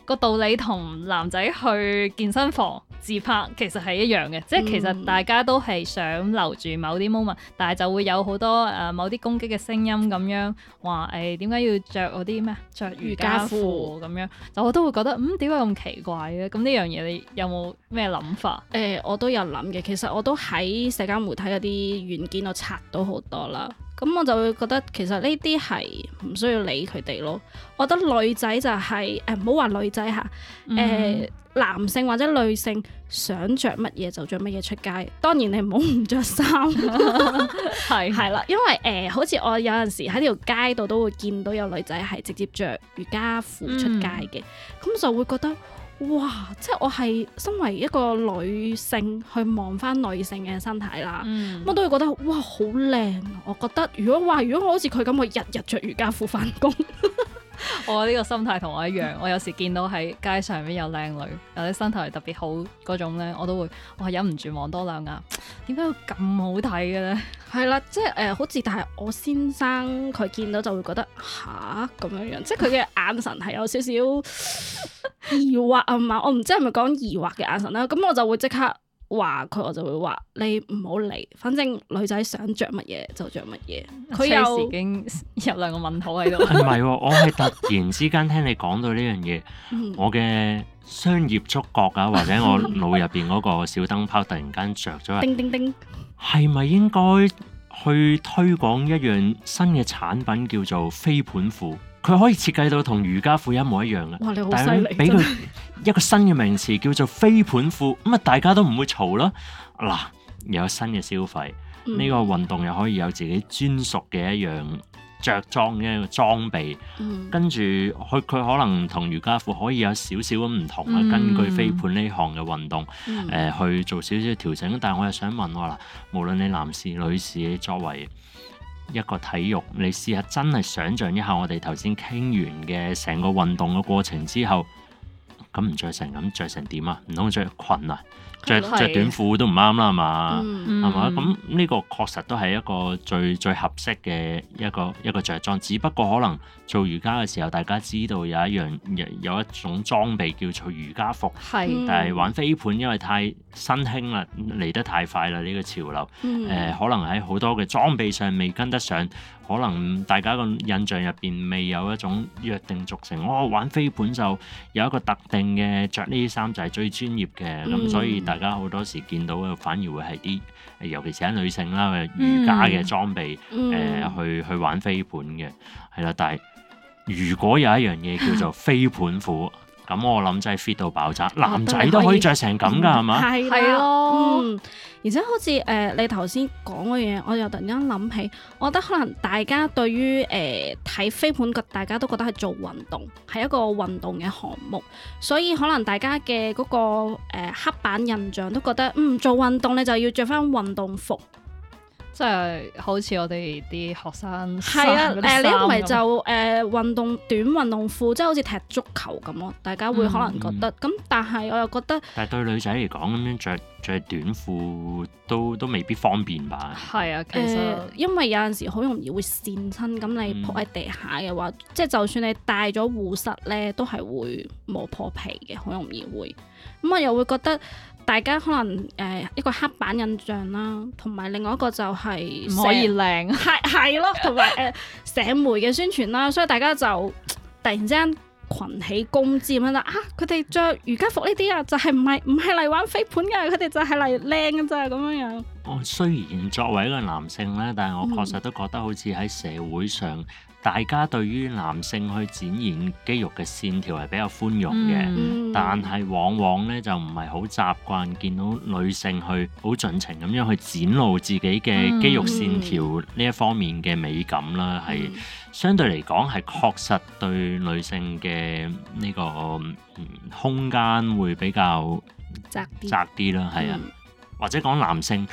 個道理同男仔去健身房自拍其實係一樣嘅，即係其實大家都係想留住某啲 moment，嗯、但係就會有好多誒某啲攻擊嘅聲音，咁樣話誒點解要着嗰啲咩着瑜伽褲咁樣，就我都會覺得嗯，點解咁奇怪嘅？咁呢樣嘢你有冇咩諗法？誒、嗯、
我都有諗嘅，其實我都喺社交媒體嗰啲軟件度刷到好多啦，咁我就會覺得其實呢啲係唔需要理佢哋咯。我覺得女仔就係誒唔好話女仔吓。誒、嗯。嗯男性或者女性想着乜嘢就着乜嘢出街，當然你唔好唔着衫，係係啦， 因為誒、呃，好似我有陣時喺呢條街度都會見到有女仔係直接着瑜伽褲出街嘅，咁、嗯、就會覺得哇，即係我係身為一個女性去望翻女性嘅身體啦，我、嗯、都會覺得哇，好靚、啊！我覺得如果哇，如果我好似佢咁，我日日着瑜伽褲翻工。
我呢個心態同我一樣，我有時見到喺街上面有靚女，有啲身材特別好嗰種呢，我都會我係忍唔住望多兩眼，點解會咁好睇嘅呢？
係啦， 即係誒，好似但係我先生佢見到就會覺得吓咁樣樣，即係佢嘅眼神係有少少疑惑啊嘛， 我唔知係咪講疑惑嘅眼神啦，咁我就會即刻。話佢，我就會話你唔好理，反正女仔想着乜嘢，就着乜嘢。佢又已經入兩個問號喺度，唔
係、 哦，我係突然之間聽你講到呢樣嘢，
我
嘅商業觸覺啊，或者我腦入邊嗰個小燈泡突然間着咗啦。 叮叮叮，係咪應該去推廣一樣新嘅產品叫做飛盤褲？佢可以設計到同瑜伽褲一模一樣嘅，你但係俾佢一個新嘅名詞 叫做飛盤褲，咁啊大家都唔會嘈啦。嗱、啊，有新嘅消費，呢、嗯、個運動又可以有自己專屬嘅一樣着裝嘅一個裝備，嗯、跟住佢佢可能同瑜伽褲可以有少少咁唔同啊，嗯、根據飛盤呢項嘅運動，誒、嗯呃、去做少少調整。但係我又想問我啦，無論你男士女士作為，一個體育，你試下真係想像一下，我哋頭先傾完嘅成個運動嘅過程之後。咁唔着成咁，着成點啊？唔通着裙啊？着著短褲都唔啱啦，係嘛、嗯？係嘛？咁呢個確實都係一個最最合適嘅一個一個着裝。只不過可能做瑜伽嘅時候，大家知道有一樣有，有一種裝備叫做瑜伽服。係，但係玩飛盤因為太新興啦，嚟得太快啦呢、這個潮流。誒、嗯呃，可能喺好多嘅裝備上未跟得上。可能大家個印象入邊未有一種約定俗成，我、哦、玩飛盤就有一個特定嘅着呢啲衫就係最專業嘅，咁、嗯、所以大家好多時見到嘅反而會係啲，尤其是啲女性啦，瑜伽嘅裝備誒、嗯呃、去去玩飛盤嘅，係啦，但係如果有一樣嘢叫做飛盤褲。 咁我諗就係 fit 到爆炸，男仔都可以着成咁㗎，係嘛、啊？係咯，
嗎嗯。而且好似誒、呃、你頭先講嘅嘢，我又突然間諗起，我覺得可能大家對於誒睇飛盤，大家都覺得係做運動，係一個運動嘅項目，所以可能大家嘅嗰、那個、呃、刻板印象都覺得，嗯，做運動你就要着返運動服。
即係好似我哋啲學生，係啊，誒你認為就
誒運動短運動褲，即係好似踢足球咁咯，大家會可能覺得。咁、嗯、但係我又覺得。
但係對女仔嚟講，咁樣着著短褲都都未必方便吧？
係啊，其實、呃，因為有陣時好容易會跣親，咁你撲喺地下嘅話，嗯、即係就算你帶咗護膝咧，都係會磨破皮嘅，好容易會。咁我又會覺得。大家可能誒一個黑板印象啦，同埋另外一個就係可以靚，係係咯，同埋誒社媒嘅宣傳啦，所以大家就突然之間群起攻之咁樣就啊，佢哋着瑜伽服呢啲啊，就係唔係唔係嚟玩飛盤嘅，佢哋就係嚟靚嘅咋咁樣樣。
哦，雖然作為一個男性咧，但係我確實都覺得好似喺社會上。大家對於男性去展現肌肉嘅線條係比較寬容嘅，嗯、但係往往咧就唔係好習慣見到女性去好盡情咁樣去展露自己嘅肌肉線條呢一方面嘅美感啦，係相對嚟講係確實對女性嘅呢、呢個、嗯、空間會比較窄啲啦，係啊。嗯、或者講男性，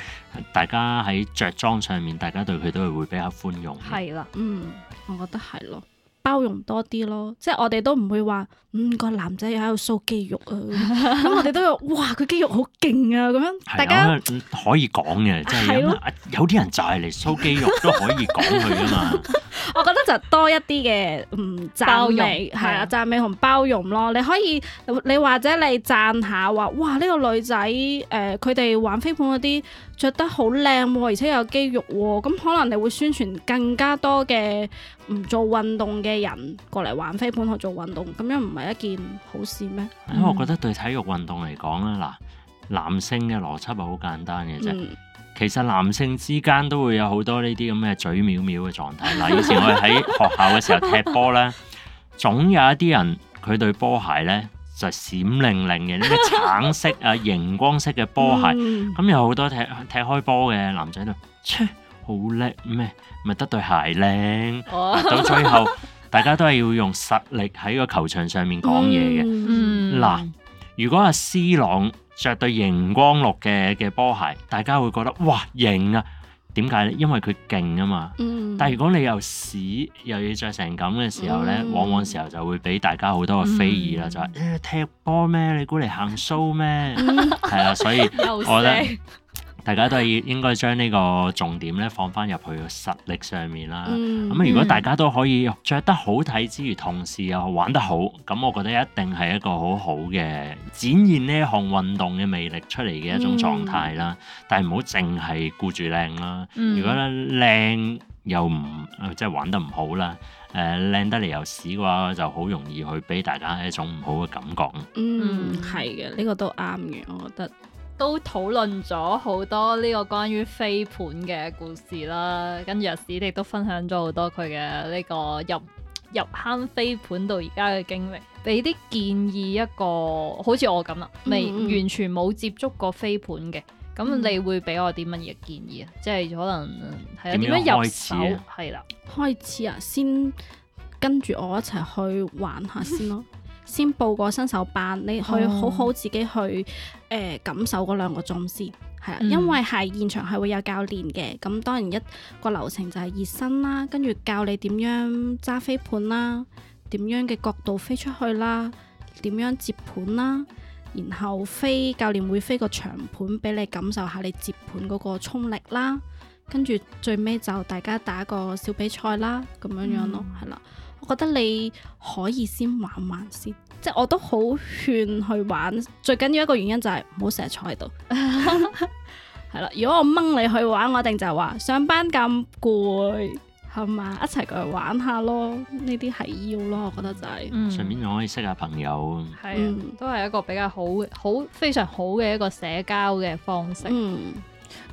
大家喺着裝上面，大家對佢都係會比較寬
容，係啦，嗯。我覺得係咯，包容多啲咯，即係我哋都唔會話。嗯，嗰個男仔又喺度 show 肌肉啊！咁 我哋都要，哇！佢肌肉好勁啊！咁樣，的大家、
嗯、可以講嘅，即係是的 有啲人就係嚟 show 肌肉都可以講佢啊嘛。
我覺得就多一啲嘅唔包容，係啊對，讚美同包容咯。你可以的你或者你讚下話，哇！呢、呢個女仔誒，佢、呃、哋玩飛盤嗰啲着得好靚喎，而且有肌肉喎、啊。咁可能你會宣傳更加多嘅唔做運動嘅人過嚟玩飛盤去做運動，咁樣唔係一件好事咩？因為鯪我覺
得對體育運動嚟講咧，嗱，男性嘅邏輯係好簡單嘅啫鯪。其實男性之間都會有好多呢啲咁嘅嘴藐藐嘅狀態。嗱，以前我哋喺學校嘅時候踢波咧，總有一啲人佢對波鞋咧就閃靈靈嘅，呢啲橙色啊、熒光色嘅波鞋。咁鯪、嗯、有好多踢踢開波嘅男仔都，切好叻咩？咪得對鞋靚。咁鯪鯪最後。大家都係要用實力喺個球場上面講嘢嘅。嗱、嗯嗯啊，如果阿 C 朗着對熒光綠嘅嘅波鞋，大家會覺得哇型啊！點解呢？因為佢勁啊嘛。嗯、但係如果你又屎又要着成咁嘅時候呢，嗯、往往時候就會俾大家好多嘅非議啦，嗯、就話、欸、踢波咩？你估嚟行 show 咩？係啊、嗯， 所以我覺得。 大家都係應該將呢個重點咧放翻入去嘅實力上面啦。咁啊、嗯，如果大家都可以着得好睇之餘，同時又玩得好，咁我覺得一定係一個好好嘅展現呢項運動嘅魅力出嚟嘅一種狀態啦。嗯、但係唔好淨係顧住靚啦。嗯、如果靚又唔即係玩得唔好啦，誒、呃、靚得嚟又屎嘅話，就好容易去俾大家一種唔好嘅感覺。嗯，
係嘅，呢、呢個都啱嘅，我覺得。都討
論咗好多呢個關於飛盤嘅故事啦，跟住阿史迪都分享咗好多佢嘅呢個入入坑飛盤到而家嘅經歷，俾啲建議一個，好似我咁啦，未嗯嗯完全冇接觸過飛盤嘅，咁你會俾我啲乜嘢建議啊？嗯、即係可能係啊點樣入手？
係啦、啊，了開始啊，先跟住我一齊去玩下先咯。 先報個新手班，你去好好自己去誒、呃、感受嗰兩個鐘先，係啦、嗯，因為係現場係會有教練嘅，咁當然一個流程就係熱身啦，跟住教你點樣揸飛盤啦，點樣嘅角度飛出去啦，點樣接盤啦，然後飛教練會飛個長盤俾你感受下你接盤嗰個衝力啦，跟住最尾就大家打個小比賽啦，咁樣樣咯，係啦、嗯，我覺得你可以先玩玩先。即係我都好勸去玩，最緊要一個原因就係唔好成日坐喺度。係 啦，如果我掹你去玩，我一定就話上班咁攰，係嘛？ 一齊過嚟玩下咯，呢啲係要咯，我覺得就係、是。嗯，順
便仲可以識下朋友，
係啊，嗯、都係一個比較好好非常好嘅一個社交嘅方式。嗯。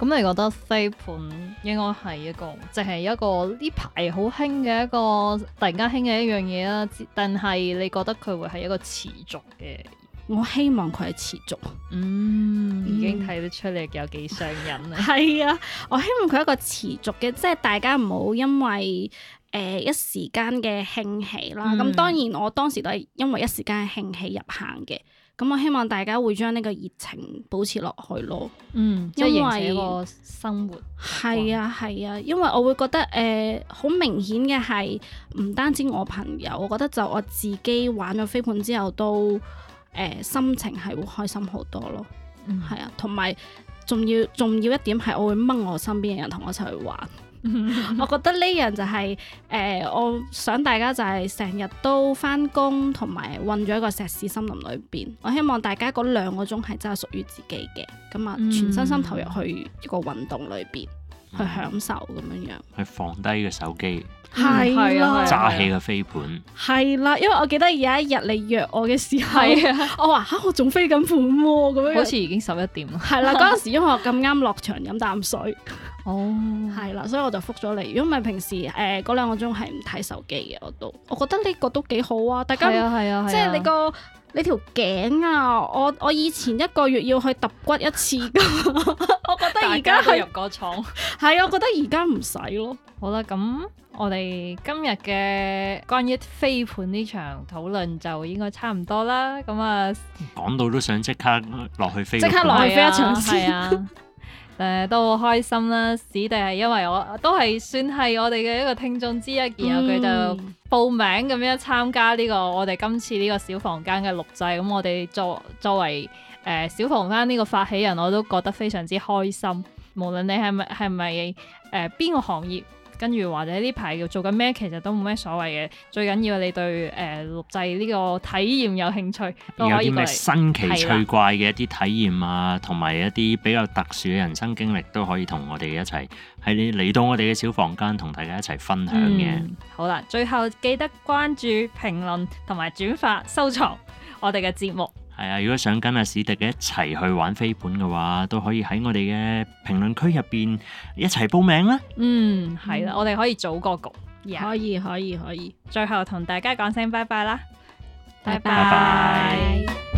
咁你覺得飛盤應該係一個，淨係一個呢排好興嘅一個突然間興嘅一樣嘢啦。但係你覺得佢會係一
個持續嘅？我希望佢係持續。嗯，已經睇得出你有幾上癮啦。係、嗯、啊，我希望佢係一個持續嘅，即係大家唔好因為誒、呃、一時間嘅興起啦。咁、嗯、當然我當時都係因為一時間嘅興起入行嘅。咁我希望大家會將呢個熱情保持落去咯，嗯，即係迎接個生活。係啊，係啊，因為我會覺得誒好、呃、明顯嘅係，唔單止我朋友，我覺得就我自己玩咗飛盤之後都誒、呃、心情係會開心好多咯。係、嗯、啊，同埋仲要重要一點係，我會掹我身邊嘅人同我一齊去玩。 我覺得呢樣就係、是、誒、呃，我想大家就係成日都翻工，同埋混咗個石屎森林裏邊。我希望大家嗰兩個鐘係真係屬於自己嘅，咁啊全身心投入去一個運動裏邊、嗯、去享受咁樣樣，
去放低個手機，係、嗯、啦，揸起個飛盤，
係啦。因為我記得有一日你約我嘅時候，哦、 我話吓、啊、我仲飛緊盤喎，咁樣好似已經十一點 啦。係啦，嗰陣時因為我咁啱落場飲啖水。哦，係啦、oh,，所以我就覆咗你。如果唔係平時誒，嗰、呃、兩個鐘係唔睇手機嘅，我都，我覺得呢個都幾好啊。大家係啊係啊，啊啊，即係你個你條頸啊，我我以前一個月要去揼骨一次噶 ，
我覺得而家入個廠
係， 我覺得而家唔使咯。好啦，咁
我哋今日嘅關於飛盤呢場討論就應該差唔多啦。咁啊，
講到都想即刻落去飛，下去飛，即刻落去飛一
場先 是、啊。
誒、呃、都好開心啦！史迪係因為我都係算係我哋嘅一個聽眾之一，嗯、然後佢就報名咁樣參加呢、這個我哋今次呢個小房間嘅錄製。咁我哋作作為誒、呃、小房間呢個發起人，我都覺得非常之開心。無論你係咪係咪誒邊個行業，跟住或者呢排要做緊咩，其實都冇咩所謂嘅。最緊要你對誒錄製呢個體驗有興趣，都可以過嚟。有啲咩新奇趣
怪嘅一啲體驗啊，同埋的一啲比較特殊嘅人生經歷都可以同我哋一齊喺你嚟到我哋嘅小房間同大家一齊分享嘅，嗯。
好啦，最後記得關注、評論同埋轉發、收藏我哋嘅節目。
係啊，如果想跟阿史迪一齊去玩飛盤嘅話，都可以喺我哋嘅評論區入邊一齊報名啦。
嗯，係啦，嗯、我哋可以組個局。Yeah. 可以，可以，可以。最後同大家講聲拜拜啦，拜拜 bye。Bye bye